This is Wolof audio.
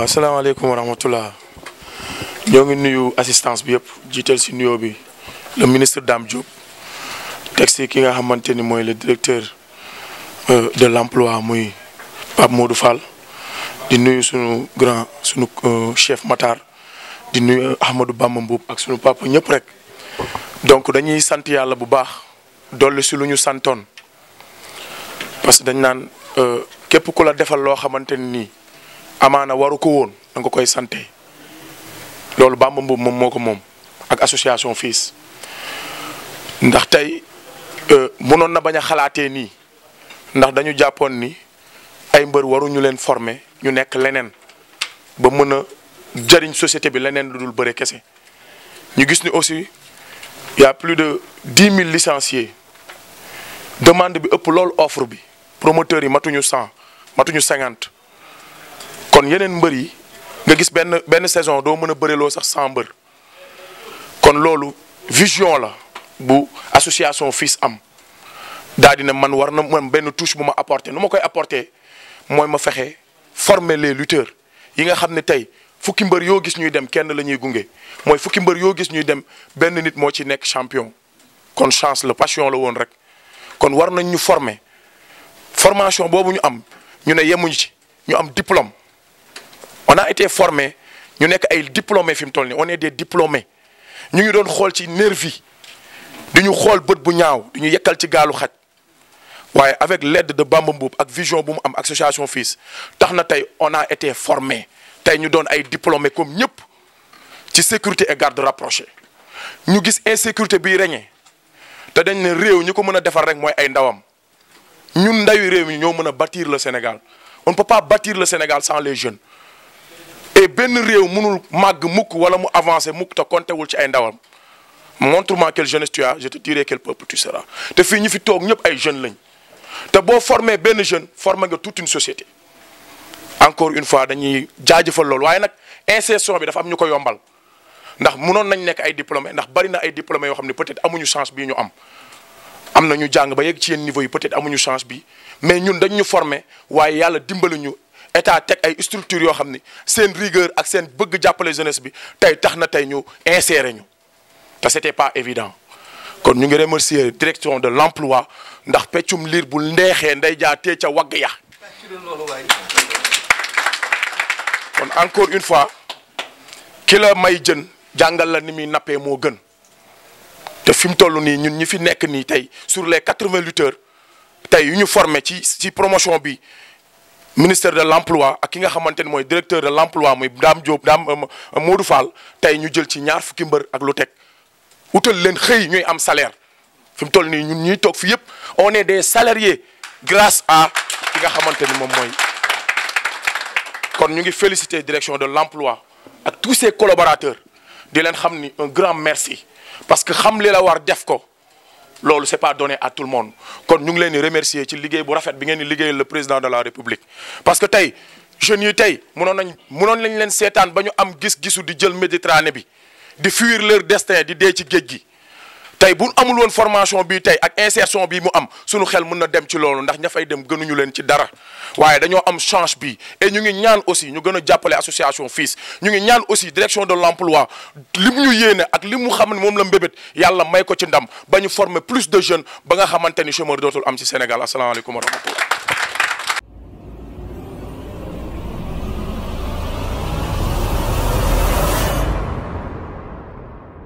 waaw asalaamaaleykum wa ñoo ngi nuyu assistance bi yëpp jiital si nuyoo bi le ministre Dame Diop teg si ki nga xamante ni mooy le directeur euh, de l'emploi muy Pape Modou Fall di nuyu suñu grand suñu euh, chef Matar di nuyu Ahmadou Bamba Mbuub ak suñu papa ñëpp rek donc dañuy sant yàlla bu baax dolli si lu ñu santoon parce que dañ naan euh, képp ku la defal loo xamante nii amaana waru ko woon da koy sante loolu Bamba Mbuub moom moo ko moom ak association FILS ndax tey euh, mënoon na bañ a xalaatee nii ndax dañu jàppoon ni ay mbër waruñu leen former ñu nekk leneen ba mën a jëriñ société bi leneen lu dul bëre kese ñu gis ni aussi y plus de dix mille licenciés demande bi ëpp loolu offre bi promoteur yi matuñu cent matuñu cinquante kon yeneen mbër yi nga gis benn benn saison doo mën a bëreloo sax sans mbër kon loolu vision la bu association FILS am daa dina man war na man benn touche bu ma apporter nu ma koy apporter mooy ma fexe former les lutteurs yi nga xam ne tey fukki mbër yoo gis ñuy dem kenn la ñuy gunge mooy fukki mbër yoo gis ñuy dem benn nit moo ci nekk champion kon chance la passion la woon rek kon war nañ ñu former formation boobu ñu am ñu ne yemuñu ci ñu am diplôme on a été formé ñu nekk ay diplômé fi mu toll ni on est des diplômés ñu ngi doon xool ci nervi di ñu xool bët bu ñaaw di ñu yekkal ci gaalu xaj waaye avec l'aide de Bamba Mbuub ak vision bu mu am association FILS tax na tey on a été formé tey ñu doon ay diplômé comme ñëpp ci sécurité et garde rapprochée ñu gis insécurité biy reñee te dañ ne réew ñu ko mën a defar rek mooy ay ndawam ñun ndawi réew mi ñoo mën a bâtir le Sénégal on ne peut le Sénégal sans les jeunes te benn réew mënul màgg mukk wala mu avancer mukk ta te kontewul ci ay ndawam montre-moi quelle tu as je te dirai quel peuple tu seras te fii ñu fi toog ñëpp ay jeunes lañ te boo formé benn jeune formé nga toute une société encore une fois dañuy jaajëfal loolu waaye nag insertion bi dafa am ñu ko yombal ndax noon nañ nekk ay diplômés ndax bari na ay diplômés yoo xam ne peut-être amuñu chance bii ñu am am na ñu jàng ba yegg ci yenn niveau yi peut-être amuñu chance bi mais ñun dañ ñu formé waaye yàlla dimbali ñu état teg ay structure yoo xam ni seen rigueur ak seen bëgg jàppale jeunesse bi tey tax na tey ñu insérer ñu te c'était pas évident kon ñu ngi remercier direction de l'emploi ndax peccum liir bu ndeexee nday jaa tee ca wagg ya kon encore une fois kila may jën jàngal la ni muy nappee moo gën te fi mu toll nii ñun ñi fi nekk nii tey sur les quatre-vingts lutteurs tey yu ñu formé ci ci promotion bi ministère de l' ak ki nga xamante ni mooy directeur de l' emploi muy Dame Diop Dame euh, euh, Modou Fall tey ñu jël ci ñaar fukki mbër ak lu teg utal leen xëy ñuy am salaire fi mu toll nii ñun ñuy toog fi yëpp on est des salariés grâce à ki nga xamante ni moom mooy kon ñu ngi féliciter direction de l' emploi ak tous ses collaborateurs di leen xam ni un grand merci parce que xam li la war def ko. loolu c'est pas donné à tout le monde kon ñu ngi leen di remercier ci liggéey bu rafet bi ngeen di liggéeyal le président de la république parce que tey jeunes yi tey mënoon nañ mënoon nañ leen seetaan ba ñu am gis-gisu di jël Méditerranée bi di fuir leur destin di dee ci géej gi tey bu amul woon formation bi tey ak insertion bi mu am suñu xel mën na dem ci loolu ndax ña fay dem gënuñu leen ci dara waaye dañoo am chance bi et ñu ngi ñaan aussi ñu gën a jàppale association FILS ñu ngi ñaan aussi direction de l'emploi li mu ñu yéene ak li mu xam ne moom la mbébét yàlla may ko ci ndam ba ñu former plus de jeunes ba nga xamante ni chômeur dootul am ci Sénégal asalaamaaleykum wa rahmatullah